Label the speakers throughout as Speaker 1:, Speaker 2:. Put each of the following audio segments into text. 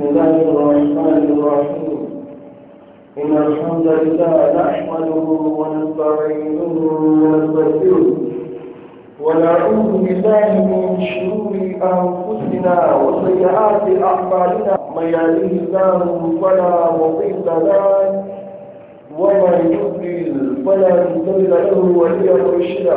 Speaker 1: بسم الله الرحمن الرحيم إن الحمد لله نحمده ونستعينه ونستغفره ونعوذ بالله من شرور أنفسنا وسيئات أعمالنا من يهده الله فلا مضل له ومن يضلل فلا مضل له وليا مرشدا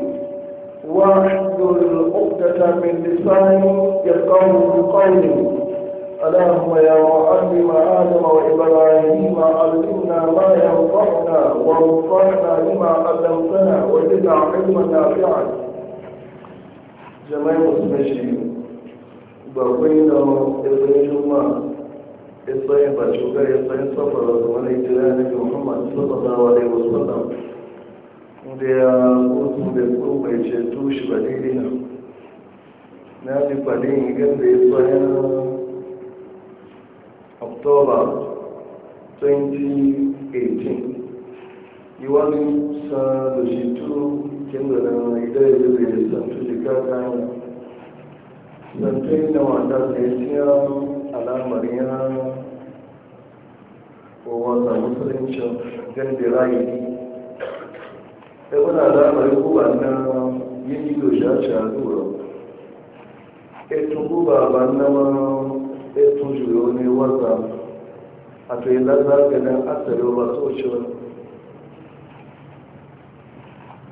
Speaker 1: واحد الأبتة من لسانه يفقه بقوله ألا هو يا معلم آدم وإبراهيم علمنا ما ينفعنا ووفقنا لما علمتنا وزدنا علما نافعا جميع مسلمين بابين إبن جمع إصيبة شكاية صفر رضوان إجلالك محمد صلى الله عليه وسلم da ya wasu da so mai ceto shi ba daidai na na ji fadin igan da ya tsayan october 2018 yi wani sa da shi tu kin da na idan ya zai da santu jika ta yi santai na wata da ya tiya alamar ya kowa samun sarincin gan da sai wani alamari kuba na yin ido shi a ci a zuwa etu kuba ba na etu juyo ne wata a to yi lazarga nan asali ba so ci wani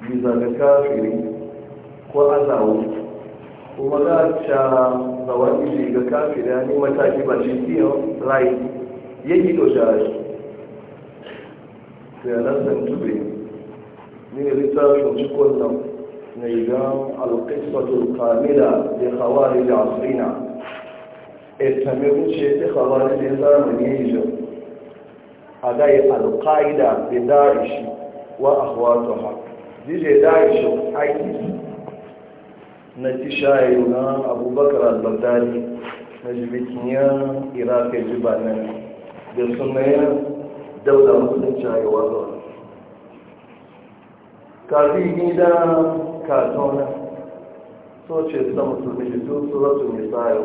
Speaker 1: biza da kafiri ko azawo kuma za a ca zawon iji ga kafiri ne mataki ba shi fiye rai yin ido shi a shi sai tube من رسالة نيجام القصة الكاملة لخوارج عصرنا اتمنى شيء خوارج الزمن يجو أداي القاعدة بداعش وأخواتها دي داعش أيديس نتشايرنا أبو بكر البغدادي نجبتنيا إراك الجبانان بسنة دولة مسلمة شايوازونا kafin gida katona to ce samo musulmi shi su suratu nisayo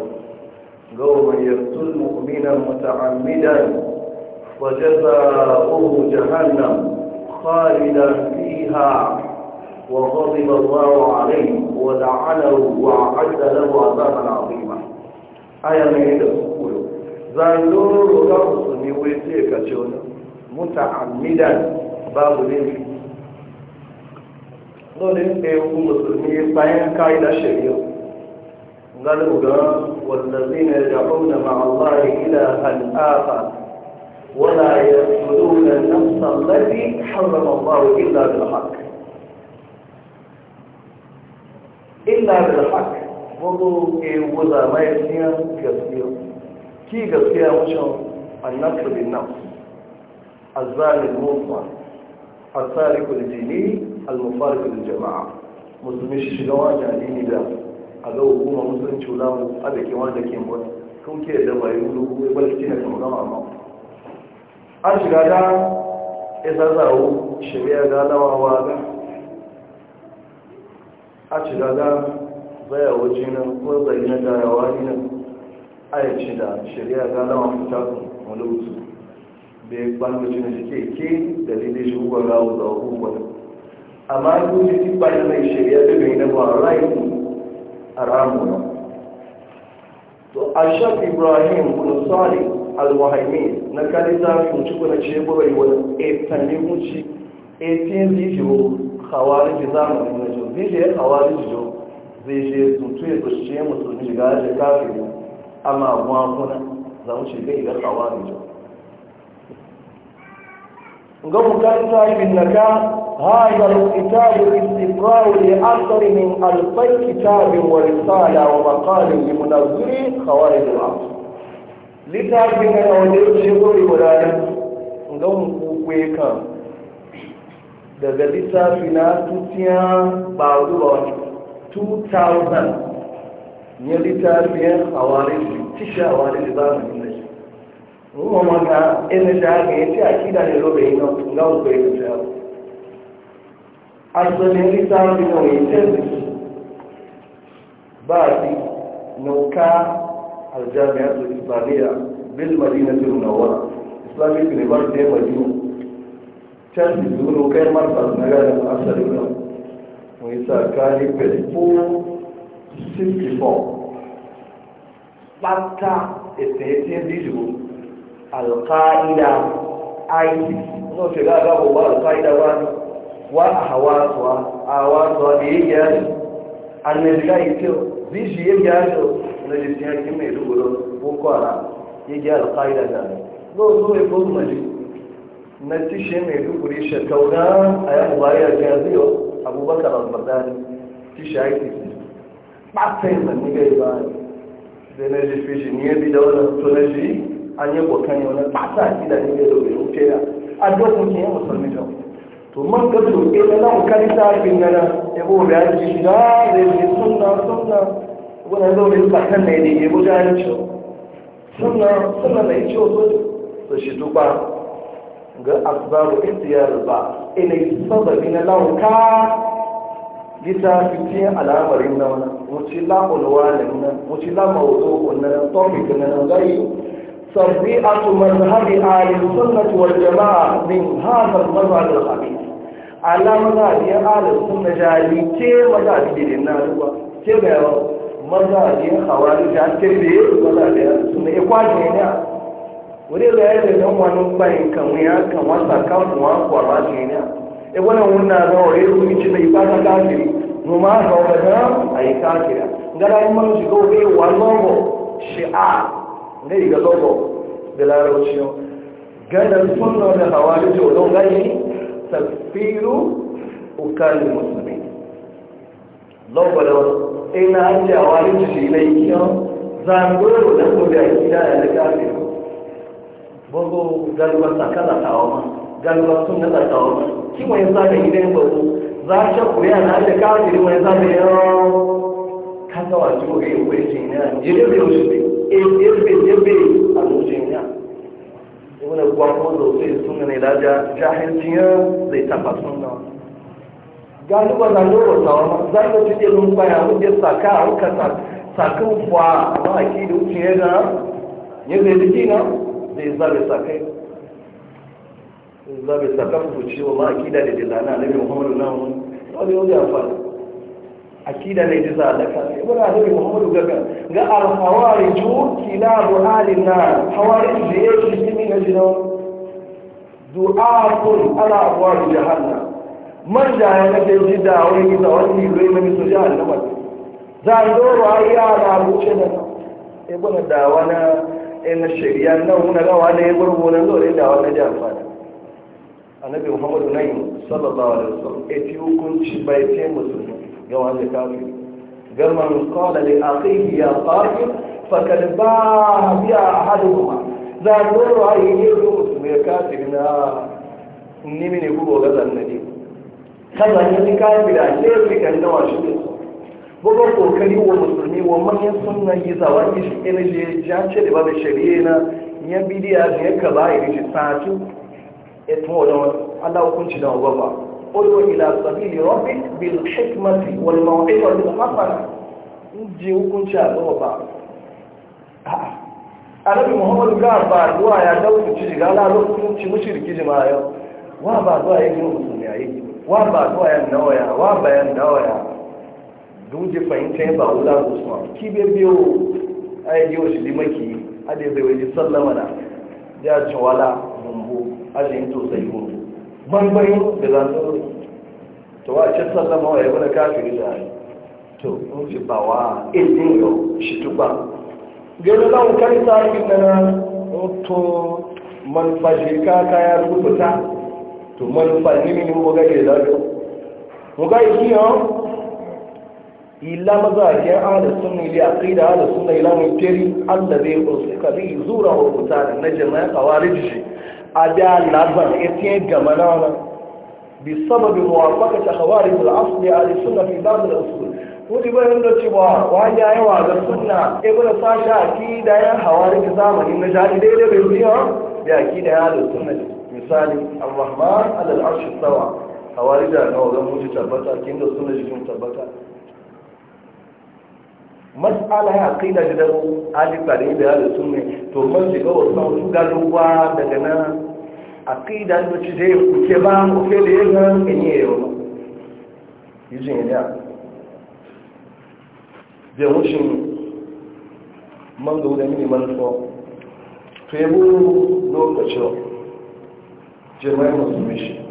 Speaker 1: ga wani yarsul mu'mina muta'ammidan wa jaza'uhu jahannam khalida fiha wa ghadiba Allahu alayhi wa la'anahu wa a'adda lahu 'adaban 'azima aya ne da sukuru zaluru ga musulmi wai ce kace wannan muta'ammidan babu laifi lórí pé ogun mùsùlùmí bayan káyìdá ṣèlú gálùgá wàlàzí na ìdàkùn na ma'aláàrí ilá al'afa wọ́la ya tùdó na nafsa lẹ́bí harrama báwo ilá bilhak ilá bilhak gbogbo ewu zamai siya gaskiya ki gaskiya wucin annafi bin nafs الزاني المطلق السارق الجنين al-mufarqin jama'a musulmi shi shiga wajen addini da a ga hukuma musulunci mu a da ke wanda ke mota kun ke da bai wulu ko balki na kuma gama ma an shiga da isa zawo shari'a ga lawawa ga a shiga da zaya waje nan ko zai na darawa nan ayyaci da shari'a ga lawa fita mulutsu bai ban da jini ke ke dalilin shi hukun rawu da hukun amma ko ji ti bayan mai shari'a da bai na ba rai haramu to ashab ibrahim bin salih al-wahimi na kalita ku ci kuna ce burai wani etani ku ci etin zijo khawarij zamani na jo zije khawarij jo zije sun tuye su ce musulmi shiga da kafiri amma kuma kuna za mu shiga ga khawarij jo ga mu kalita ibn naka هذا الكتاب الاستقراء لأكثر من ألفي كتاب ورسالة ومقال لمنظر خوارج العصر littafin yana wanda ya ce gori gudanar don kukwe kan daga littafi na tutiya ba ruwa 2000 ya littafin hawarin tishi hawarin zamanin da shi ruwa maka ina da haka ya ce akida ne robe yi na kukwe kan asalin littafin waitin ba fi nauka aljami'ar islamiyya bil madinatul munawwara islamic university ya madina can da zuru kai marfas na gada asalin nan mai sa kani fesfo 64 pata eteete bilu alkaida isis no ṣe gáàgbà gbogbo alkaida wani wa a hawasuwa da ya gyara annabta ito zishi e ya gyara na jikin yakin mai duburo boko haram ya gyara ƙa'ida da ne zo zo ya fozu maji na tishe mai duburi shakauna a yan baya ga ziyo abubakar tishe yi zanni gai ba na ji fishi ni ya bi da na ji an yi kokani wani ba ta akida ne gai da bai wuce da a dokun ke yi musulmi da to man ga to ke da nan karita bin nan ya bo da ji da da sunna sunna wannan zo ne ba kan ne ne bo da ji sunna sunna ne ji so to shi to ba ga asbabu ihtiyar ba ina sababi na lauka gita fitin al'amarin nan wuce la ulwanin nan wuce la mawdu'un nan topic nan zai تربيئة مذهب آل السنة والجماعة من هذا المذهب الخبيث alamun zaɓiyar alasun na jari ke mazaɓiyar na ruwa ke bayan mazaɓiyar hawari da ake da ya ruwa zaɓiyar suna wani da nan wani bayan ya kan wasa kwarwa e wunna a ci mai fata kafiri noma ga wadana a yi kafira yi wani wa shi'a ga yi ga da larabci ganar sunna da hawari ce gani takfiru ukali musulmi lọ́gbọ̀dọ̀ ina an jẹ́ àwọn arìnjìlì ilẹ̀ ikiyar zangoro da kòbí àìkídá ẹ̀lẹ́ káàkiri gbogbo galibar sakala tàwọn galibar sun nata tàwọn kí wọ́n yẹ sáàrẹ̀ ilẹ̀ gbogbo za a ṣàkùrí àná ẹ̀lẹ́ káàkiri wọ́n yẹ sáàrẹ̀ yọ́ kátàwà tí ó rí ìwé jìnnà jẹ́lẹ́bẹ̀ẹ́ òṣèlú ẹgbẹ̀ẹ́gbẹ̀ẹ́ àlójìnnà wani gwakon zaune suna ne laja zai tafa suna galiba na nuna tawa za ka ci ɗin lumba ya wuce saka a wuka sakin kwa amma a ki da wuce yana zai jiki na zai zabe sakai zabe sakan fuci wa ma'akida da dilana na bi muhammadu na wani akida ne jisa da kansa ibn adabi muhammadu gaga ga al kila kilabu alin nar khawarij da yake cikin na jina du'atun ala abwab jahannam man da ya nake ji da wani da wani rai mani so jahannam za a doro ai ya da wuce da ibn da wani in shari'a nan wani gawa ne gurbunan dole da wani jafana annabi muhammadu nayi sallallahu alaihi wasallam eti hukunci bai ce musulmi yawan da kafiri garma min qala li akhihi ya kafir fakad ba'a bi ahaduhuma za doro ayi ne ko me kafiri na ni mini ko ga zannabi kaza ne kafira ne ke kan dawa shi bugun kokari wa musulmi wa manyan sunan yi zawa ishi ina je jace da babu shari'a na ya bidiya ne ya kaba ya shi sa'atu ya tuwa da Allah hukunci da babba ادعو الى سبيل ربك بالحكمه والموعظه الحسنه ńdi hukunci a tsawo ba annabi muhammad ga ba zuwa ya dauki ci ga la lokacin ci mushi rikiji ma yau wa ba zuwa ya yi musulmi yayi wa ba zuwa ya nawaya wa ba ya nawaya duje fahimtar ba wula usman ki be biyo ai marmarin da za su to wa ce sallama wa yabi na kafiri da yi to in fi ba wa ilin yau shi tuba gani zan kai ta yi na to manufa kaka ka kaya rubuta to manufa ni ne mu ga ke da mu ga iki yau ila maza ke ala sunna ila aqida ala sunna ila mutari allazi usika bi zura wa qutana najma qawarij ada labar ete gama na wani bi sababi muwafaka ta hawari bil asli ali sunna fi bab al usul wani bayan da cewa wani ya yawa ga sunna ibnu sasha akida ya hawari ta zamanin na jadi daidai bai biya da akida ya da sunna misali ar-rahman ala al-arsh sawa hawari da nawa zan mutu tabbata kin da sunna jikin tabbata masala ya kai da gidan alifari da yada sun ne to man shiga wasu wasu garuwa daga nan a da yada ci zai kuke ba kuke da yin nan in yi yau ba yuzin yana da wucin man ga wuda mini manufa to yabo lokacin jami'ai musulmi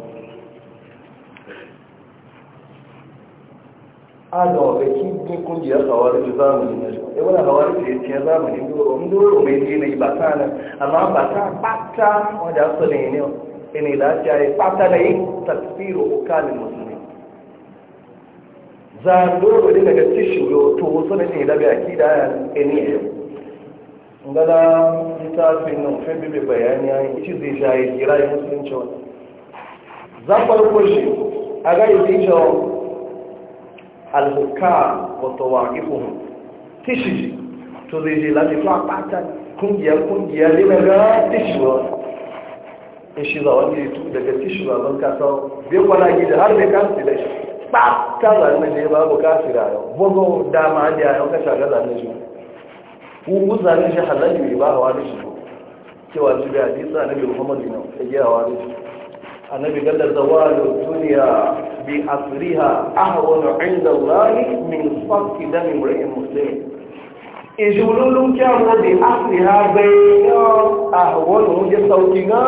Speaker 1: aga wata kin kungiyar hawari da zamani eh, na shi wani hawari da ya ce zamani doro doro mai je ba ta nan amma ba ta fata wanda su ne ne ina lafiya ya fata na yi tasfiro ukalin musulmi za doro ne daga tishiyo to wasu ne ne labi a kida ya ne ya ngala littafin nan fin bibi bayani ya yi ci zai shayi kira ya musulunci wani zafar shi a ga yi zai alhukam wa tawaqifuhum tishi to zai je lafi to apata kungiya kungiya ne ga tishi wa in shi za wanda ya tuku daga har bai kansu ba ta zanen ne babu kafira yau bugu bo da yau kasha ga zanen shi ku zanen shi halalli ba wa da shi cewa su da hadisa na bi muhammadu na tsagiyawa da shi annabi gada zawalu duniya bi asriha ahwanu inda allahi min fakki dami mur'in muslim ijululun kyamu bi asriha bayan ahwanu wuje sauki na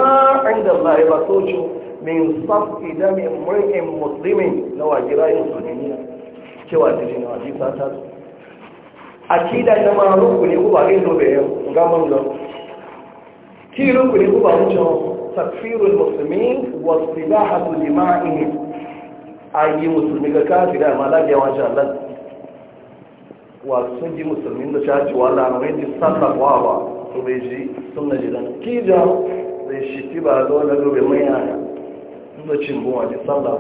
Speaker 1: inda allahi ba socho min fakki dami mur'in muslimin na wajira yin na ta akida na maruku ne ku ba lo ki ne ku ba cewa تكفير المسلمين واصطلاحة دمائهم أي مسلمين كافر ما لا جواج الله وسنجي مسلمين نشاج ولا نوين يستطلق وابا تبيجي سنة جدا كي جاو
Speaker 2: zai shi ti ba zo na gobe mai
Speaker 1: buwa ji sallah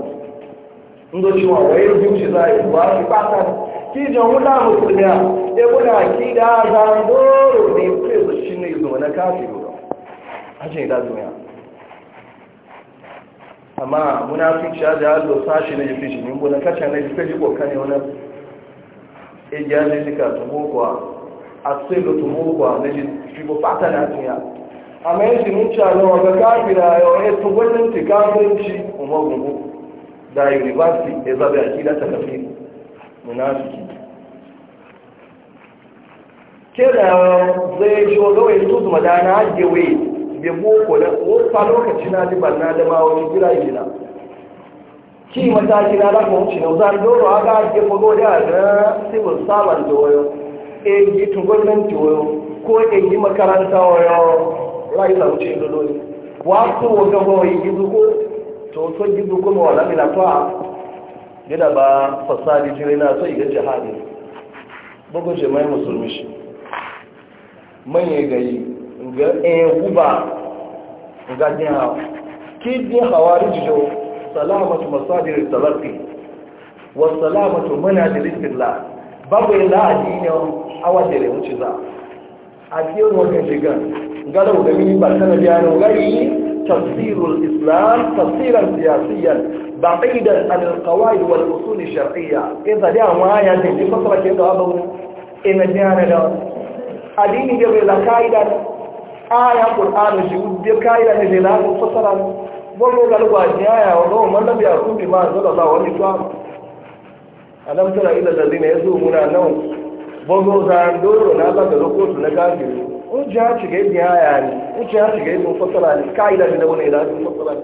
Speaker 1: ndocin wa waye zuci za a yi ba shi fata ki wuta musulmiya ya kuna ki da zandoro ne kai su shi ne zuwa na kafin ruwa ajin da zuwa amma munafiki ya da allo sashi na jifi shi nimbo na kacha na jifi jiko kane wani ejiyaji jika tumukwa asilo tumukwa na jifi pata na tuya amma yin shi mun calo a ga kafira yau ya e tugwanin ti kafirinci umar gugu da university ya e zaɓe a kila ta kafi munafiki kira zai shi wa gawai tutu madana hajjewe da boko na wofa lokaci na ji na da ma wani gira gina ki mataki na da kuma wuce na zan doro haka ke fago da na civil servant wayo e yi tun gwamnati wayo ko e yi makaranta wayo rai na wuce da dole wasu wata kawai yi zuko to so yi zuko ma wani mila to a gida ba fasadi jire na so yi ga jihadi bugun jimai musulmi shi manye gayi nga en guba nga din hawa ki din khawarij jo salamatu masadir talaqqi wa salamatu manazil istillah babu ila adini awadere muciza adiyo mo kan shiga ngalo da mini barkana biyano gari تفسير الإسلام تفسيرا سياسيا بعيدا عن القواعد والأصول الشرعية إذا جاء ما ينتهي فترة كده أبو إن جاءنا أديني جبل قائدا aya qur'ana shi ubbe kaya ne da na fasara wannan galwa ne aya wannan man da biya kun bi ma sallallahu alaihi wa sallam alam tara ila alladhina yazumuna naw bogo zan doro na ba da rokotu na kafiri o ja ci ga biya aya ne o ja ci ga mun fasara ne kai da da wannan da fasara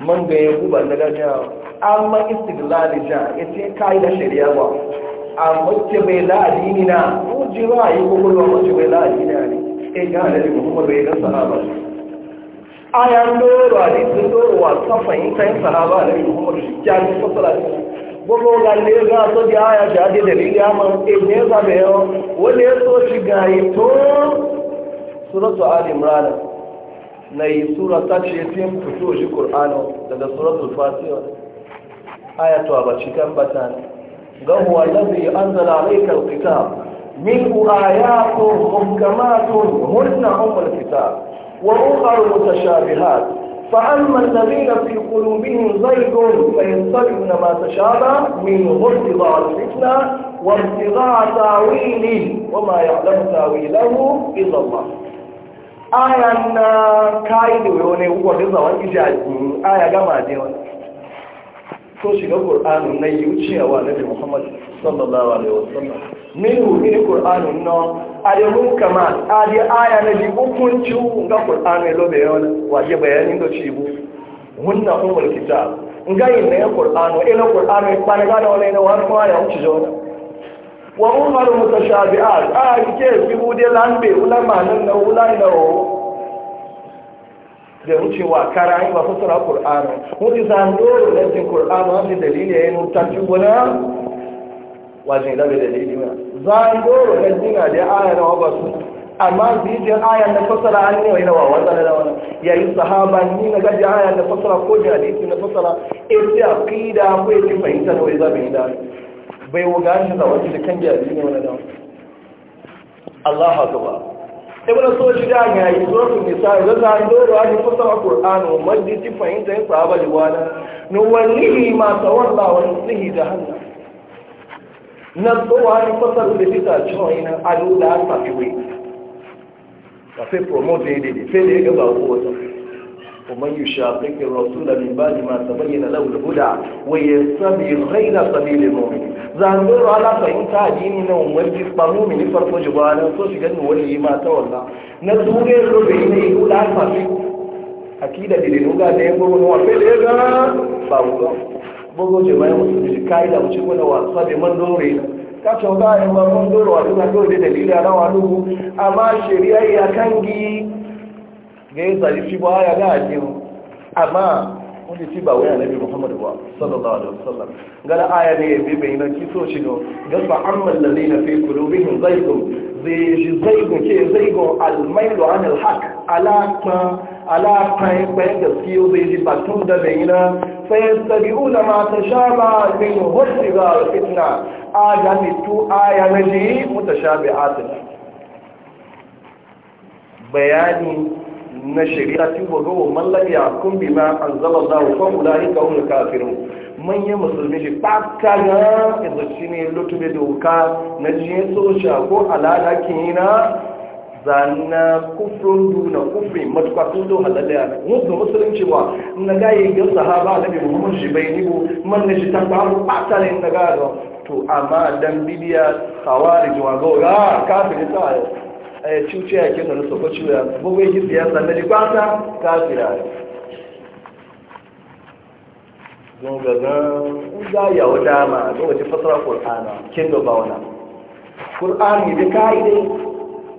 Speaker 1: man ga ya kuba na gaja amma istiglali ja yace kai da shari'a ba amma bai la adini na ko jira yi ko kullu amma bai la adini ne Aya ga da Muhammad bai dan ali sun wa safai sahaba da Muhammad shi ya ji fasara gbogbo ga le ga so di aya ja de dalili ama e ne za be yo so shi ga yi to suratu ali imran na yi ce tin shi qur'ano daga suratul fatiha aya to abaci kan batana ga huwa allazi anzala alayka alkitab منه آيات محكمات هن أم الكتاب وأخر متشابهات فأما الذين في قلوبهم زيغ فينتبهون ما تشابه منه ابتغاء الفتنة وابتغاء تاويله وما يعلم تاويله إلا الله آية كايد ويوني هو رضا وإجاج آية كما ديوان توشي القرآن نيوتشي وعلى محمد صلى الله عليه وسلم minu ini qur'anun no ade mun kama ade aya na bi hukunci ga qur'anun lo be yola waje bayanin do cibu hunna ummul kitab ngai ne ga da ne wa a ke de lambe ulama nan na ulai da o da wucewa kara yi ba fasara qur'anu wuce zan dole ne wani wajen labe da dalilin zai doro na jina da aya na waba su amma bijin aya na fasara an ne wani wawan tsare da wani yayi sahaba ni na gaji aya na fasara ko da hadisi na fasara e sai aqida ko e ki fahimta da wai zabi da bai wuga shi da wani da kan jabi ne wani da Allahu akbar ibn soji da ya yi suratul nisa da zan doro an fasara qur'ani majdi fahimta sahaba da wani no wani ma tawalla wani nihi jahannam nan tsowa ni fasar da fita cewa ina ado da an tafi wai a sai promote ya daidai sai da ya gaba ko wata kuma yi shafi kin da min bani masu ta na lau da huda wai ya sabi raina sabi da nomi zanzoro ala fahimta addini na wani ba mumini farko jiba na so shi ni wani yi mata wanda. na yi rubi ne huda an tafi akida da dinuga da ya gwamna wa sai da ya ga ba mu gbogbo jẹ bayan musulmi kayi da wuce wani wasa da man dore ka ce a ma man dore wa duka dole da dalili a rawa dubu amma shari'a ya kan gi ayé yi zari a ba ya ti ajiyar amma wanda ci ba wani annabi muhammad ba sallallahu alaihi so da zai na fi zai ke Ala ya zai ji batun da bai na. fayyar tabi ula ma ta sha ba min wasu ga fitna a ga mito a yana ne muta sha bi atin bayani na shirya ti gbogbo wa mallabi a kumbi an zaba za a kwan kula ni kawo da kafirin manyan musulmi shi ɓaka na ƙasashe ne lutube doka na jiyan soja ko alada Zana kufrin duna kufri matuka sun zo a musu musulun ba na gaye ga sahaba da bi muhammad shi bai nibo man ne shi tamba mu bata ne na ga to amma dan bidiya khawarij jiwa go ga ah, kafiri ta eh cuce ya da na ko cuya bo wai ji siyasa da kwata kafira don ga ga ga ya wada ma lokacin fasara qur'ana kin ba wannan qur'ani da kaidai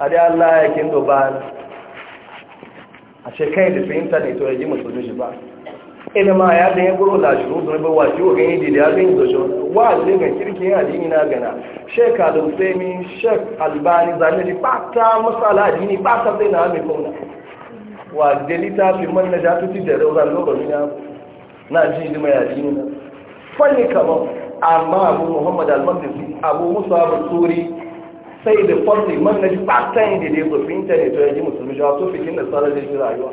Speaker 1: ade Allah ya kin do ba a shekai da fi internet to yaji musulmi shi ba ina ma ya da ya buro la shi ruzu ba wa shi ga yidi da zai zo shi wa zai ga kirki ya dini na gana sheik al-Usaimi sheik Albani zane di pata masala dini pata sai sai da farni man na ji ba ta yin daidai ku fi intanet to ya ji musulmi jawa to fikin da tsara zai rayuwa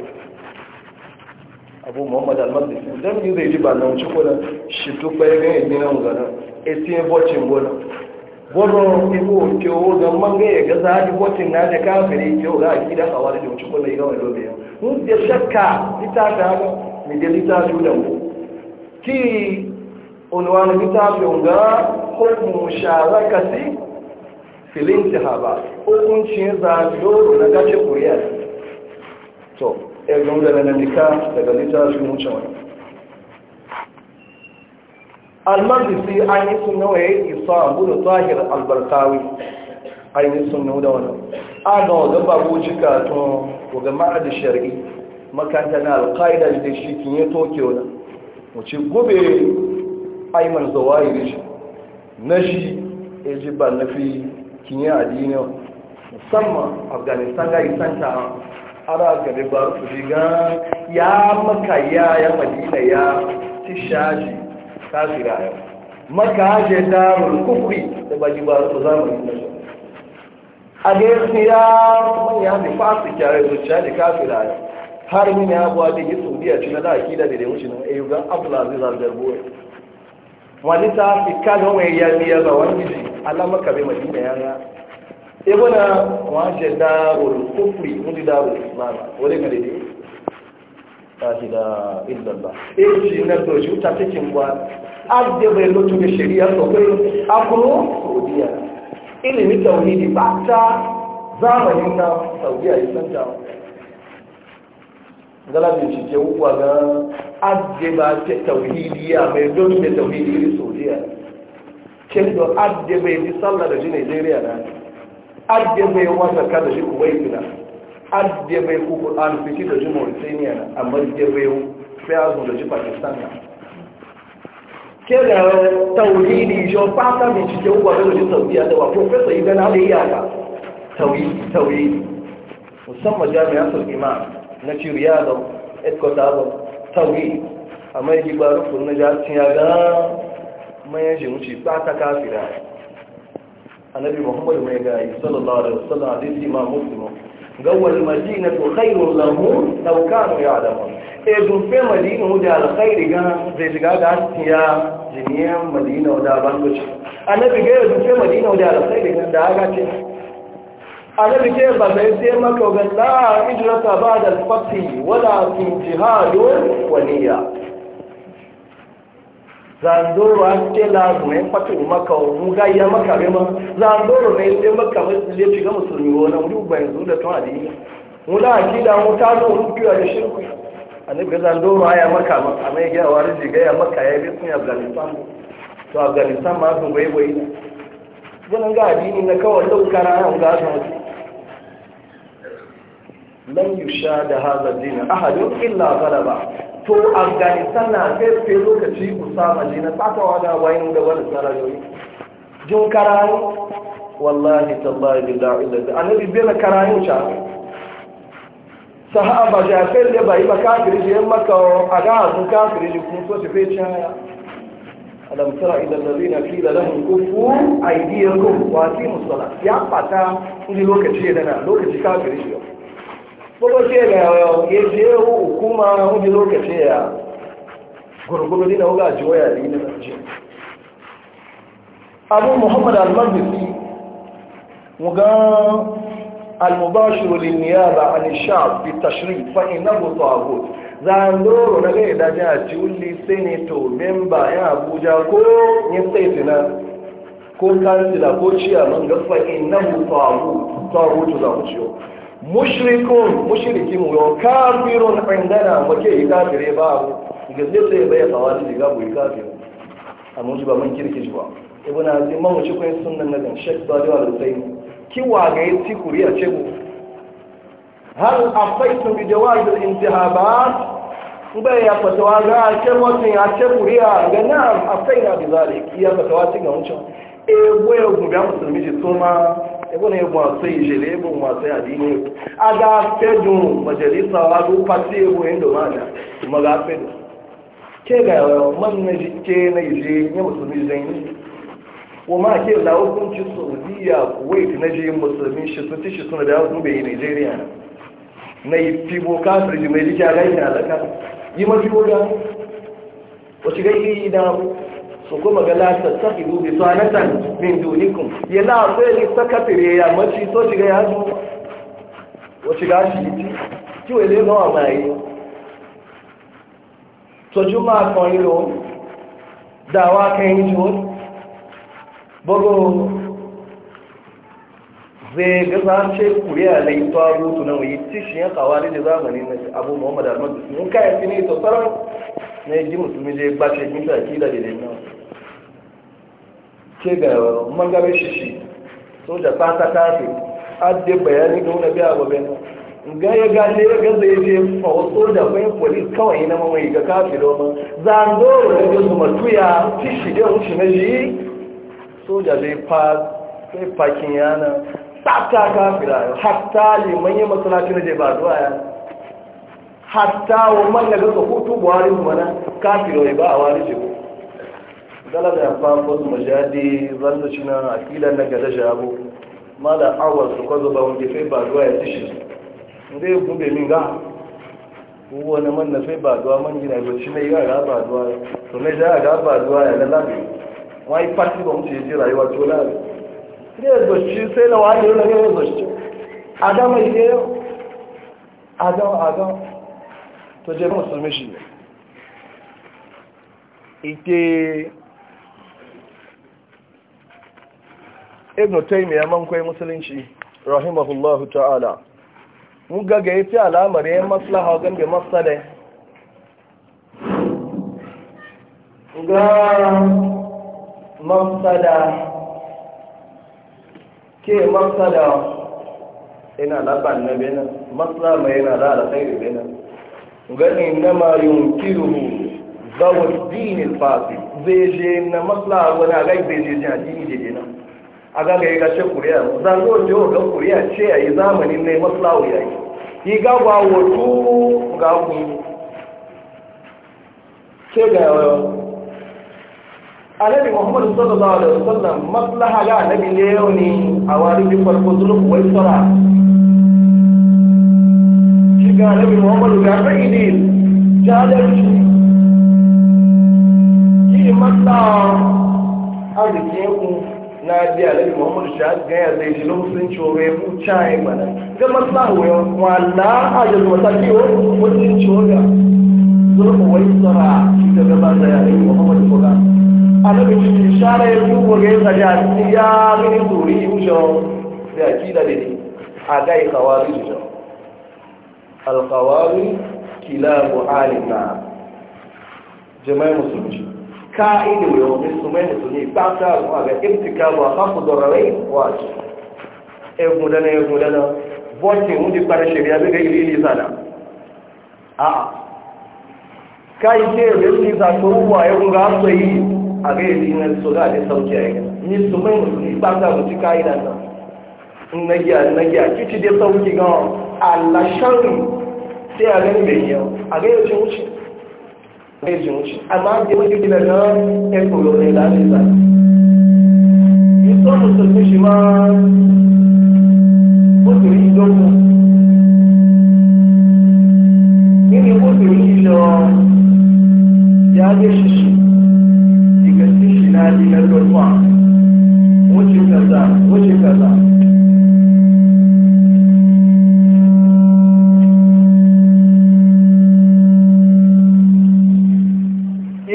Speaker 1: abu muhammad al-maqdisi dan yi zai ji ba nan ci kuna shi to fa ga yin nan gana etin bocin gona goro ibo ke o ga man ga ya ga za ji bocin na da kafiri ke o ga gidan Um da ci kuna ga wani lobe mun da shakka ita ta ga mi da ita ju ki unwan ita fi unga hukmu musharakati filin jiha ba hukuncin zaɓiyo na gace kuriya to ɗin da na nika daga su wuce wani almajisi an yi sun nawa ya yi isa abu tahir albarkawi A yi sun nau da wani a ga wadda babu jika tun waga da shari'i makanta na alƙa'idar da shi kinye tokyo na wuce gube aimar zawari da shi na shi ejiba na fi kinye adini musamman afghanistan ga isan ta ara gabe ba su diga ya maka ya ya madina ya shaji kafira yau maka ajiye ta kufri da baji ba su zamani na su a gaskiya ya fi fasu kyare zuciya da kafira yau har mini abuwa da yi saudiya ci na da aki da da wuce na ayyukan eh, abdulaziz al-darbuwa wani ta fi kano mai ya biya ba wani jiji alama kabe mai jina ya ya ibuna wace darul kufri mudi darul islam wani gari ne ta shi da illallah e shi na doji ta cikin ba abde bai lutu da shari'a sosai akuru saudiya ilimin tauhidi ba ta zamanin na saudiya islam ta zala bincike uwa ga adde ba ta tauhidiya mai don da tauhidi iri saudiya kendo adde bai ji sallah da shi nigeria na adde bai wata ka da shi kuwait na adde bai kuku an fiti da shi mauritania na amma adde bai fiyazu da shi pakistan na kenda tauhidi jo fata bincike uwa ga da shi saudiya da wa professor idan ali yaka tauhidi tauhidi musamman jami'a sul imam na ciwo ya zau etkota tawi tauri a mai giba rufin na jasin ya ga mayan jimuci ba ta kafira annabi muhammadu mai yi sallallahu alaihi wasallam hadisi imam muslim gawal madinatu khairun lahum law kanu E ezun fe madina wujar alkhairi ga zai shiga ga tiya jiniyan madina wuda bangoci annabi ga ezun fe madina wuda alkhairi ga da aga ce Ana da ke ba zai sai maka ga la hijrata ba'da al-fathi wala jihadun waliya zandoro ake la mai fatu maka mu ga ya maka be ma zandoro ne sai maka musulmi ga musulmi wannan wuri ba yanzu da tun adini mula akida mu ta zo mu kiyaye da shirku annabi ga zandoro aya maka ma a mai ga warji ga ya maka ya bi sun Afghanistan to Afghanistan ma sun bai bai wannan ga adini na kawai daukar ran ga su لن يشاهد هذا الدين أحد إلا غلبا تو أفغانستان في فيروك في أسامة دينة فأتوا على وين دول السراجوي جون كراني والله تالله بالله إلا ذا أنا بيبين كراني وشا صحابة جاكل يبا إما كافر يجي إما كو أغاز كافر يجي كنتو تفيت شايا ألم ترى إلى الذين قيل لهم كفوا أيديكم وأقيموا الصلاة يا فتاة اللي لوكتشي لنا لوكتشي كافر يجي ko ce ga ya je hukuma hudu lokaci ya gurguru dina huga ji waya da yi na ce abu muhammad al-maghribi muga al-mubashir lin niyaba an ash-sha'b bi tashrif fa innahu tawagut zandoro na ga da ja ciulli senator memba, ya abuja ko ne state na ko kansila ko chairman ga fa innahu tawagut tawagut za ku ciwo mushrikun mushrikin wa kafirun indana muke yi kafire ba abu gaske sai bai fawa da ga bai kafire amma shi ba mun kirki ba ibn azim man wuce kun sunnan nan shek sadu da sai ki wa ga yi tikuri a cebu hal afaitu bi jawaz al-intihabat bai ya fatawa ga ake tin ya ce kuriya ga na afaina bi zalik ya fatawa tin ga wancan e eh, goyo gudan musulmi to ma ebone masu injile bu masu adini a ga fedun majalisa wa duk fasi ewu indo mana kuma ga fedun ke ga man na jike na né, ije ya musulmi zan yi kuma ke da hukunci saudiya kuwait na je musulmi shi sun ci shi suna da yawon bai nigeria na yi fibo kafir ji mai jike a gaishe alaka yi mafi koga wasu gaishe idan su kuma ga lasa tafi dubi sanatan min dunikun ya la sai sakatire ya mace so shiga ya zo wa shiga shi ti kiwo ile gawa mai tojú máa kan ìlò dáwà kẹyìn jù bọ́gọ́ zai gaza ce kuriya da ito abutu na mai tishin ya kawari da zamani na abu muhammadu al-madu in fi ne to tsaron na yi ji musulmi je gbace mita kila da ke ga magabe shi shi so da fata kafe adde bayani ga wani biya gobe ga ya gane ya ga zai je fahoto da bayan polis kawai na mamaye ga kafe doma zango da ga su matuya ci shi da wuce na ji soja zai fa sai fakin yana tsaka kafira hatta liman yi masalaci na jeba zuwa ya hatta wa man daga su hutu buhari mana kafiro ba a wani jebo gala da fa ko majadi zanda na akila na gada jabo ma da awar su kwazo ba wanda fai ba ya tishi zai gube min ga na fai ba duwa man gina ga shi na ga ba ya to na ja ga ba duwa ya lalabe wani fati ba mutu ya ji rayuwa to na ne ya na wani adam mai ne adam adam to ite ibnu taymiya man koyi musulunci rahimahullahu ta'ala mun gaga ya ce alamar yi maslaha wajen da masale ga masada ke masada ina laban na bena maslaha mai yana da alkhairu bena gani na ma kiru zawar dinin fasi zai je na maslaha wani agai zai je jadini jeje nan a ga ga ga ce kuriya zango je ga kuriya ce yayi zamanin ne maslawu yayi yi ga ba wato ga ku ce ga Annabi Muhammad sallallahu alaihi wasallam maslaha ga Annabi ne yau ne a wani bi farko zulum wai sara shi ga Annabi Muhammad ga rai ne jalalci ki maslaha arziki ku na biya nabi muhammadu shi haka gaya zai ji lokacin ciwo ya bu caye mana ga masa wuya wala a da zuwa ta kiwo wajen ciwo ga zurfa wani tsara shi ga gaba da ya nabi muhammadu ko ga a nabi shi shara ya tuba ga yin zaja ya gani zuri wujo da akida da ne a gai kawari wujo alkawari kilabu alina jama'i musulunci كائن يوم سمين سني باتا وهذا ابتكار وخفض الرأي واجب ابن لنا ابن لنا vote hundi pale sheria zile ili sana ah kai ke hizi za kuwa yangu ngapo hii ageli ina sogale sauti yake ni sumengo ni banga mtika ila na nagia nagia kitu de sauti ga ala shari sai ageni benyo ageli chuchi juntos. Amar Deus de verdade é colocar E somos os muçulmanos, os cristãos,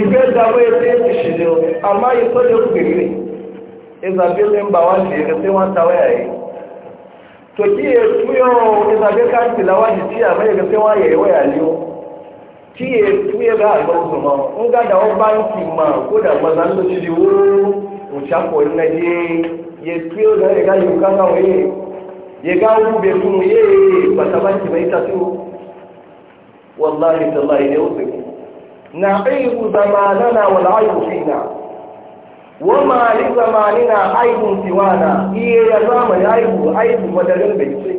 Speaker 1: ìgbéyàwó ẹgbẹ́ ìṣẹ̀lẹ̀ àmá ìtọ́lẹ̀ òkèrè ìzàbílẹ̀ ń bà wá sí ẹgbẹ́ tí wọ́n tàwẹ́ àyè tó kí ètú yọ ìzàbílẹ̀ káàkiri láwá sí tí àmá ẹgbẹ́ tí wọ́n yẹ̀wẹ́ àlíó kí ètú yẹ bá àgbà oṣù mọ́ ń gádà ó bá ń kì mà kódà mọ́ta ló ti di wóró òṣàpọ̀ nílẹ̀ yé yẹtú yọ lọ ẹ̀ka yóò káńkà wọ́n yé yẹ̀ká ó bẹ̀ fún yé pàtàkì mẹ́ta tó wọ́n láàrin tọ́lá ilé ó sì kú نعيب زماننا والعيب فينا وما لزماننا عيب سوانا إيه يا زمان عيب عيب ودلل بيسي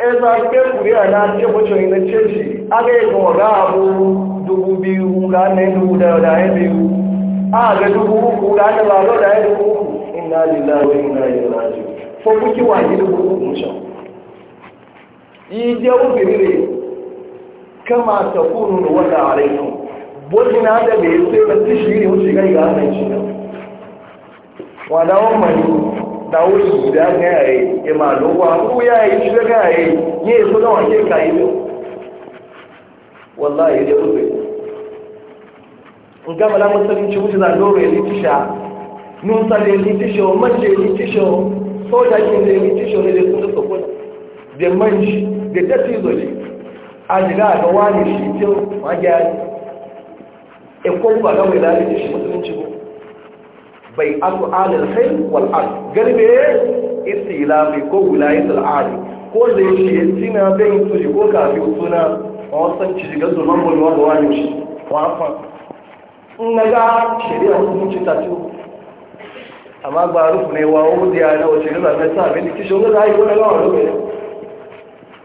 Speaker 1: إذا كيف يانا كيف تشوين تشيشي أغيب وغابو dubu biyu ranar dubu da ranar biyu a ga dubu uku ranar ba ga kama ta kunu da wata a rainu wajen na da mai sai ba ta shiri wuce gani ga hannun shi nan wadawon mani da wuce da ga yaye ya ma lokwa ko ya yi shi da ga yayi ne ya kuma ka yi ne wallahi ya yi rufe in ga bala musulunci wuce za doro ya litisha nun sale litisha mace litisha soja kin da litisha ne da kuma sokona da manji da tatizo zoji a shiga a ga wani shi ce magyari e kuma ga mai lalata shi musulunci ba bai asu alil sai wal ar garbe istilafi ko wilayat al ali ko da yake tina bai su ko kafi suna wasan ci shiga su man bolwa da wani shi wafa in na ga shari'a musulunci ta ci amma ba rufu ne wa wudiya na wace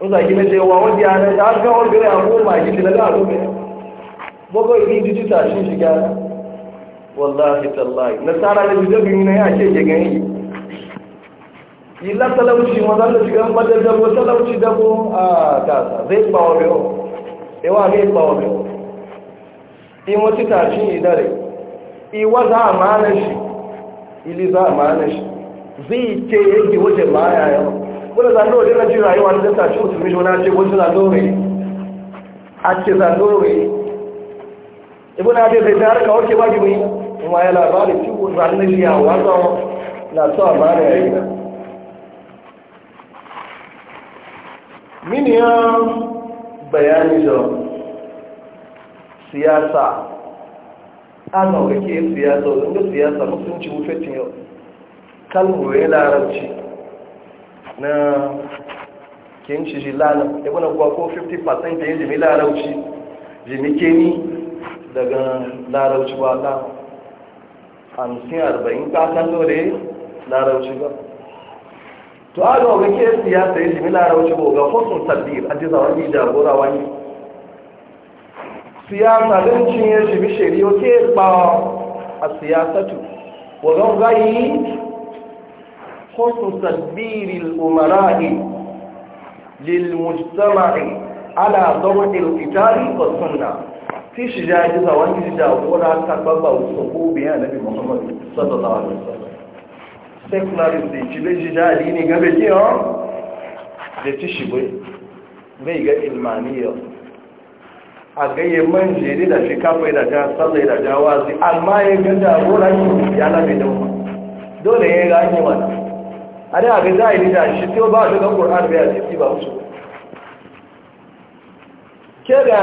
Speaker 1: ọzọ ìgbìmọ̀ ṣe wà wọ́n di ààrẹ ṣáájú wọn bẹ̀rẹ̀ àwọn ọmọ àìjíṣẹ́ lẹ́gbẹ́ àlóbẹ̀ gbogbo ìlú ìdíjú tà sí ìṣìgá wallahi tallahi nasara da bijabi ne ya ce ke gani illa talauci wanda da shiga madar dabo talauci a kasa zai bawa biyo ewa zai iwa za shi ili za shi zai wajen yau zato zando wajen rajin rayuwa na zata ci musulmi wani ce wani zato mai ake zando mai ibu na ce zai ta harka wake ba gibi in ma ya labari cikin ranar shi a wasa na so a bada ya yi ya bayani da siyasa an hau kake siyasa wanda siyasa mutunci wufetin yau kalmuru ya larabci na kin shi jilala ya bana kuwa ko 50% yin jimi larauci jimi keni daga larauci ba ta hamsin arba'in ka kallo da larauci ba to a ga wake siyasa yin jimi larauci ba ga fosun tabbir a jiza wani jagora wani siyasa don cin yin jimi shari'a ke ba a tu wa zan gayi حسن تدبير الأمراء للمجتمع على ضوء القتال والسنة في شجاعة زوان ولا تقبب وصفو بها نبي محمد صلى الله عليه وسلم secularisti cibe jidali ne gabe kiyon da ci shibe mai ga ilmaniyar a gaye man jere da shi kafai da ja sallai da ja amma ya gada wurin ya labe dole ya yi a da ga zahiri da shi to ba shi da Qur'an bai a ba shi ke ga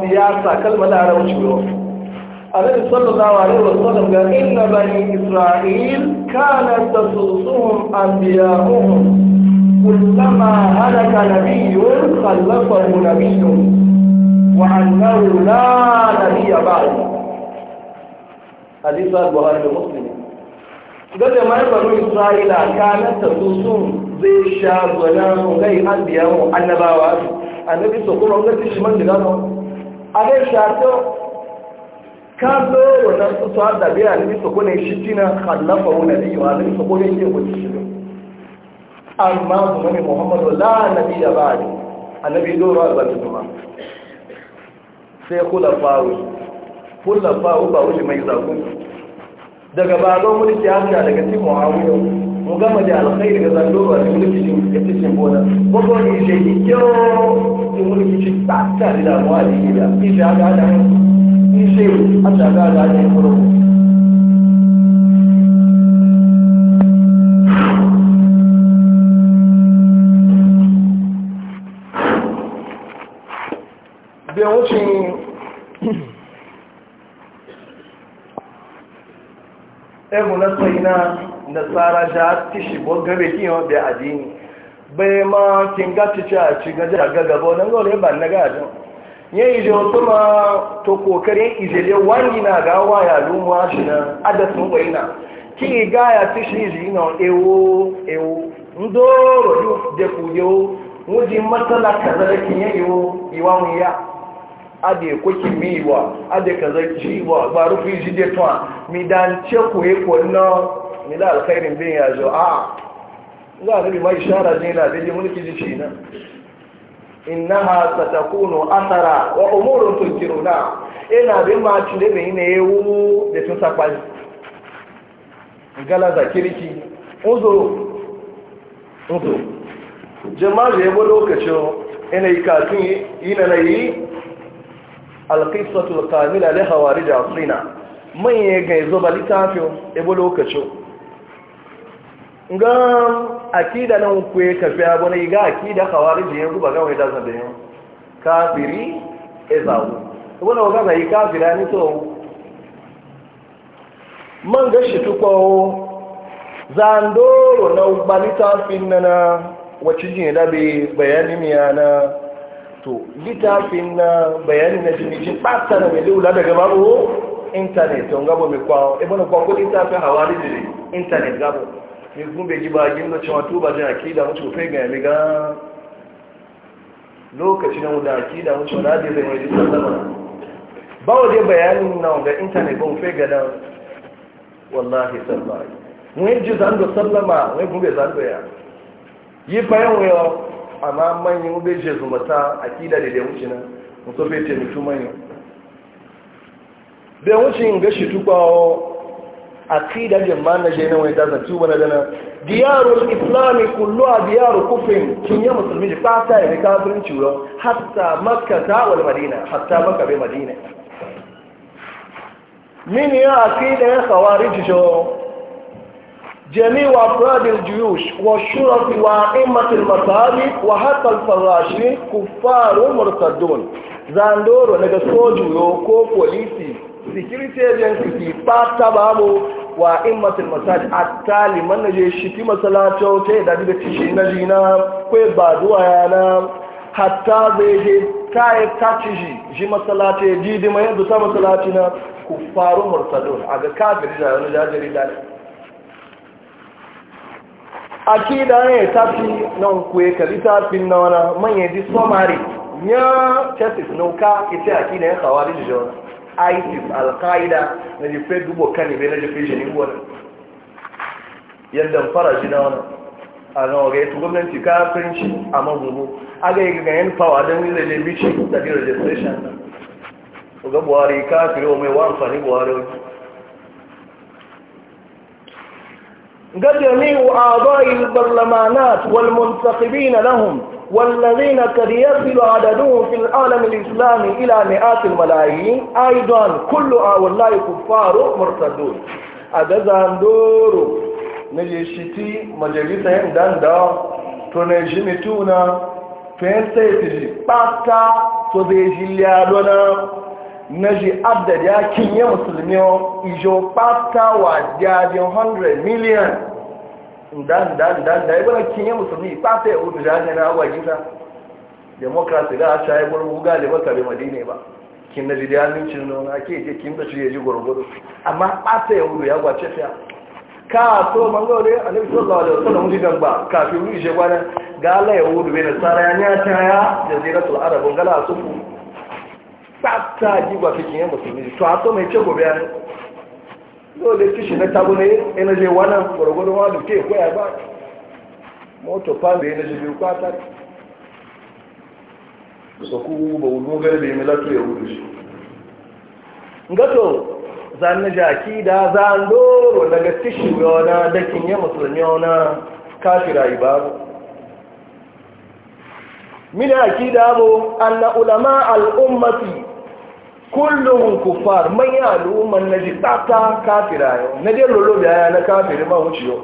Speaker 1: siyasa kalmar da wuce yau a nan sallallahu alaihi wasallam ga inna bani isra'il kana tasusuhum anbiya'uhum kullama halaka nabiyyun khallafahu nabiyyun wa annahu la nabiyya ba'd hadith al-bukhari muslim gada mai banu isra'ila kanar ta sun zai sha gwanan gai an biya mu annabawa annabi so kuma wani shi man diga mu a gai sha ta ka zo wannan su su hada biya annabi so kuma shi tina kallafa wani biyu annabi so kuma yake wuce shi amma kuma ne muhammadu la nabi da ba ne annabi doro albatu kuma sai kula fawo kula fawo daga ba don mulki haka daga cikin muawiya mu gama da alkhairi daga zando ba da mulki shi ya cikin gona ko ko ni je ki yo ki mulki shi ta ta da mu a cikin da ki ga ga da ki she a ta ga ga da ko Bien, очень emu na tsaina nasara da tishi bo gabe kiyo da adini bai ma kin ga ci a ci ga ga gabo nan gore ban na ga jin ye ije otuma to kokare ijele wani na ga wa ya lumwa shi na adasun waina ki ga ya shi ji na ewo ewo ndoro yu de mu ji matsala kaza da kin ye ewo iwa mu ya ade kwaki miwa ade kaza ciwa ba rufi ji de tuwa mi dan ce ku he ko na mi da alkhairin bin ya zo a za ga bi mai shara ne na da mulki ji ci na innaha satakunu athara wa umurun tunkiruna ina bi ma ci de ne ne yewu da tun sakwai gala da kirki uzo uzo jama'a ya bo lokacin ina yi kafin yi na yi alƙisatul kamila da hawari da asirina manye ga zo ba littafin ebo lokacin ga akida nan kwe kafi abu na ga akida hawari da yanzu ba gawai dasa da yau kafiri ezawu ebo na wakaza yi kafira ni so man gashi tukwawo zandoro na ba littafin na na wacce jini da bayani miya na to littafin na bayanin na jimijin ɓata na mai lula daga babu intanet don gabo mai kwawo ibina kwakwa littafin hawa da intanet gabo mai gumbe giba gina cewa tuba ki da mutu fai ga yami ga lokacin na wuda akida mutu na da zai mai jisar zama ba waje bayanin na wanda intanet ba fai ga nan wallahi sallama wani ji zando sallama wani gumbe zando ya yi fayan wayo amma manyan ube je zumata a kila da wuce na musofe fe taimaki manyan da wuce ga shi tukwawo a kila da ma na je na wani dazan tuba na dana Diyaru islami kullu a diyaru kufin kin yi musulmi da fata ya rika birnin ciwo hatta maka ta wani madina hatta maka bai madina min ya akida ya khawarij jo جميع أفراد الجيوش والشرف وأئمة المصالح وحتى الفراشين كفار مرتدون زاندورو نجا سوجو يوكو بوليسي security agency ki fata babu wa immatul masaj attali man je shiti masalacin ta da daga na jina kai ba zuwa yana hatta zai je kai ta tishi ji masalace ji di mai da ta masalacin na kufaru murtadun aga kafiri da wani da akida ya tafi nan kuwa ka littafin na wani manya di somari ya tesis nauka ita akida ya kawari da jona isis al-qaida na jefe dubo kan ibe na jefe jini wani yadda fara ji na wani a nan ga yato gwamnati kafin shi a magugu aga yi gagayen fawa don yi zai bici da registration na ga buhari kafin yau mai wa amfani buhari wani جميع أعضاء البرلمانات والمنتخبين لهم والذين قد يصل عددهم في العالم الإسلامي إلى مئات الملايين أيضا كل والله كفار مرتدون أجزا دور نجيشتي مجلسهم دان دا تنجمتونا فين سيتجي باتا تزيجي ليادونا na ji abdad ya kinye musulmi ijo pata wa jajin 100 million. dan dan dan da ibana kinye musulmi pata ya wuce jajin na agwa gita demokrasi ga a shayi gwargwaro ga da baka bai madina ba kin na jiri amincin nan ake ce kin da shi ji gwargwaro amma pata ya wuce ya gwace fiya ka so man gaure annabi sallallahu alaihi wasallam ji gamba kafin wuce gwanan ga la ya wuce bai nasara ya ta ya jaziratul arab gala sufu tsafta jigwa fi kinye musulmi to a mai ce gobe ya yau da fishi na tabo ne yana je wannan gwargwadon wa da ke ba moto fan da yana je biyu kwatar so ku ba wudu gari da milatu ya wudu shi ngato zan na jaki da zan doro daga fishi yana da kinye musulmi yana kafira ibabu min akida mu anna ulama al'ummati kullum kufar manya al'umman na ji tata kafira yau na je lolo da yaya na kafiri ma wuce yau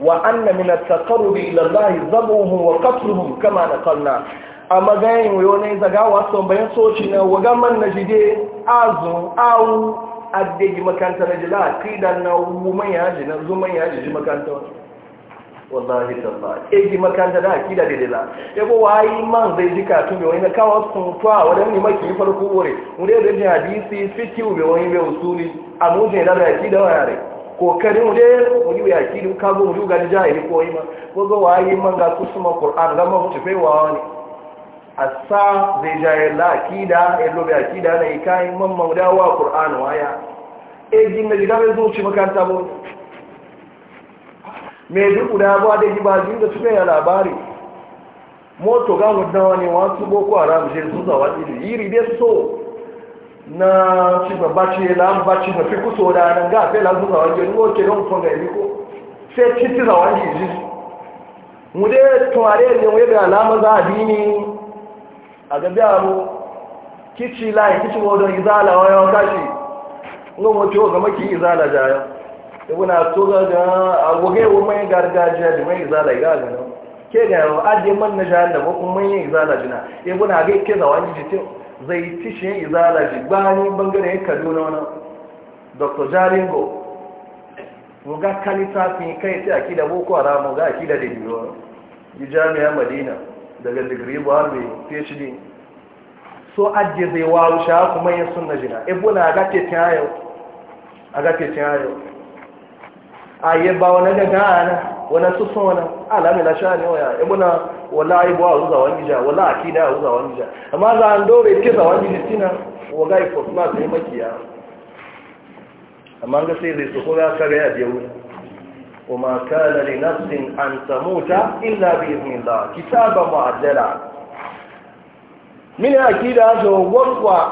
Speaker 1: wa anna min at-taqarrub ila Allah zabuhum wa qatluhum kama naqalna amma gayin yo ne daga wasu bayan soci na waga man na jide azu au adde makanta na jila kidan na wu yaji na zu yaji makanta wallahi sallah e ji makanta da akida da dila e bo wai man zai ji tun tun wani kawo wasu kun fa wadan ni maki farko ore mure da ji hadisi fiti ube wani be usuli amu je da akida wa yare kokarin mure muni ya akida ka go mu ga jahili ko ima ko go wai man ga kusuma qur'an ga ma mutu fe wa wani asa zai jaye la akida e lo be akida na ikai man maudawa qur'an waya Eji ji ne ga be zuci makanta bo mai duk guda ba da gibajin da suka yi labari moto ga wadda wani wasu boko haram shi su zawa iri yiri dai so na ci babba ce lan ba ci mafi kuso da nan ga sai lan zuwa wani ngo ke don fonga yi ko sai ci ci zawa ji mu dai tuare ne wai da alama za a bi ni a ga biya mu kici lai kici wodon izala ya kashi ngo mu ga maki izala jayo ibuna so ga a agoge wo mai gargajiya da mai zala ga ga ke ga yau aje man na jahanna ko kuma mai zala jina ibuna ga ke zawani jitin zai tishe izala ji bani bangare Kaduna wannan Dr. Jaringo mu ga kalita fi kai ta akida boko haram mu ga akida da biyo yi jami'a Madina daga digiri Buhari PhD so aje zai wawo sha kuma yin sunna jina ibuna ga ke tayo aga ke tayo aye ba wani gagana wani wani alami na shani waya ibuna wala aibuwa a wuza wani gija wala akida a wuza wani amma za a dore kisa wani gija tina waga sai amma sai zai ka gaya biya wuri kuma kana li nafsin min akida zo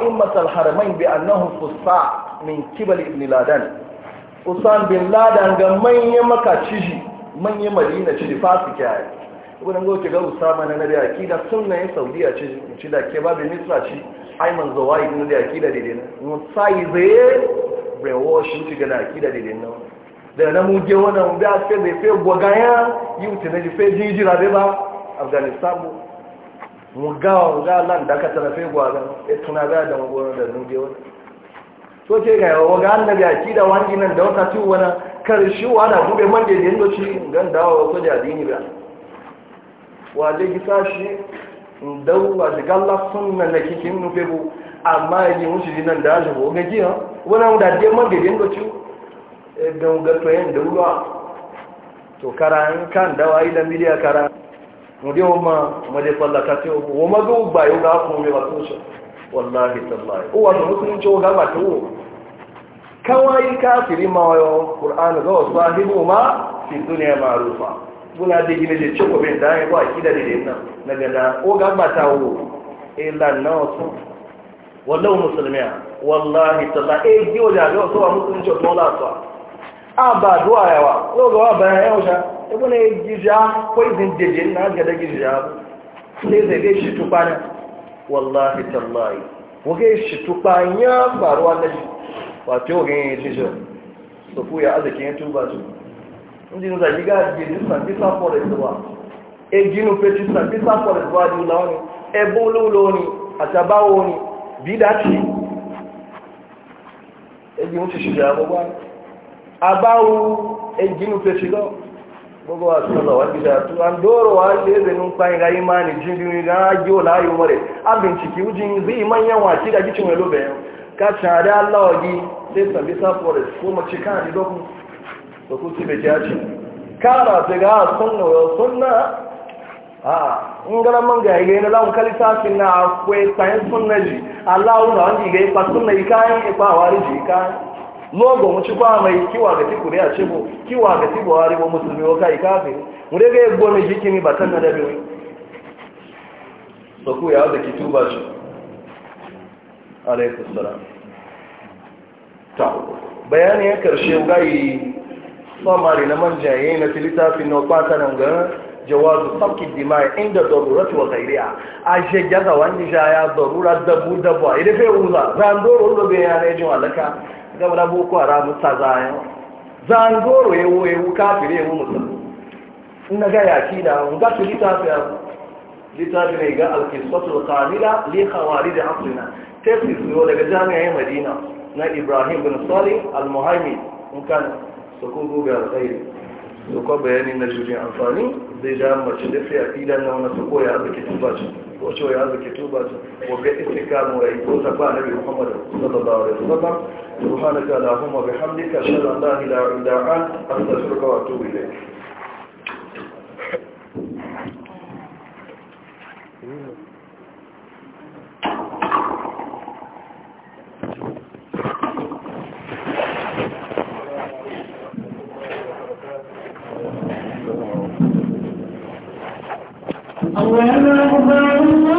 Speaker 1: in masal bi annahu fusa min kibal ibn ladan usman bin laden ga manyan maka ciji manyan madina ciji fasu kyaye gudun goke ga usama na nabi akida sunna yin saudiya ciji ci da ke babu misra ci aiman zawai na da akida daidai na sai zai brainwash shi ga da akida daidai na da na je wannan mu ba sai bai fe gwagaya yuti na ji fe jira bai ba afghanistan mu mu ga wa ga lan da ka tana fe gwagan e tuna ga da mu gona da je wannan so ce ga yawa ga annabi da wani nan da wata ciwo wani karshe wani gube man da yin doci gan dawo wasu da dini ba wa zai gisa shi dauwa da galla sun na kikin nufe bu amma yi wuce jinan da ajin ko ga jiya wani da dai man da yin doci don yin da ruwa to karan kan dawa da miliya karan mu ma wama mu fallaka ce wama ga ubayo ga kuma mai wasu shi wallahi tallahi uwa da musulunci wa gaba ta wo kawai kafiri ma wayo qur'an ga wa sahibu ma fi dunya ma'rufa buna da gine da ciko bin da ya ba kida da dinna na ga da o gaba ta wo illa nasu wallahu muslimiya wallahi tallahi eh giyo da ga so musulunci to la so aba duwa yawa ko ga ba yawa sha ibune gija ko izin jeje na ga da gija ne zai ga shi tukwana wallahi tallahi muke shi tukanya faruwa na shi wato ganin ya ce so ku ya arziki ya tuba su injin zagi ga gini santisa forest wa e gini peti santisa forest wa di launi e bolo loni atabawo ni bidachi e gini ti shi da e gini peti lọ gbogbo wa suna zawa gida tu an doro wa da ya zanin kwayin ga imani jin biyu ga agiyo na ayo mare a binciki wujin zai manyan wace da gicin welo bayan ka cada allah wagi sai san bisa forest ko mace kan ni dokun da ku su bai jaci kara ta ga sunna wa sunna a in gara man ga yi na lamun kalisa na akwai sayan sunna ji allah wuna wani ga yi fa sunna yi kayan ifa wari ji kayan logo muchikwa mai kiwa ga tiku ya chibu kiwa ga tibu hari bo musulmi wa kai kafi murege gome ni batana da biyu Soku ya da kituba shi alaihi salam ta bayani ya karshe gai samari na manja yayin na fi na kwata nan ga jawazu sabki dimai inda darurati wa ghairiha a sheggaza wani ja ya darura dabu dabu a idafe uza zan doro ya bayanai jin alaka gabara boko haram ta zayan zan goro yawo yawo kafire yawo musulmi na ga yaki da nga su littafi littafi ne ga alkisatul kamila li khawari da asrina tesis ne daga jami'ai madina na ibrahim bin salih al-muhaimi in kan su kugu ga alkhairi su kwa bayani na jirgin amfani zai ja mace da fiye a na wani su koya a bikin tubaci wace wa ya zuke tuba su wafe istikanu wa iko ta ba bi muhammadu sallallahu alaihi wasallam subhanaka allahumma bihamdika ashhadu an la ilaha illa anta astaghfiruka wa atubu ilayk Thank hmm. you. وما ضعوا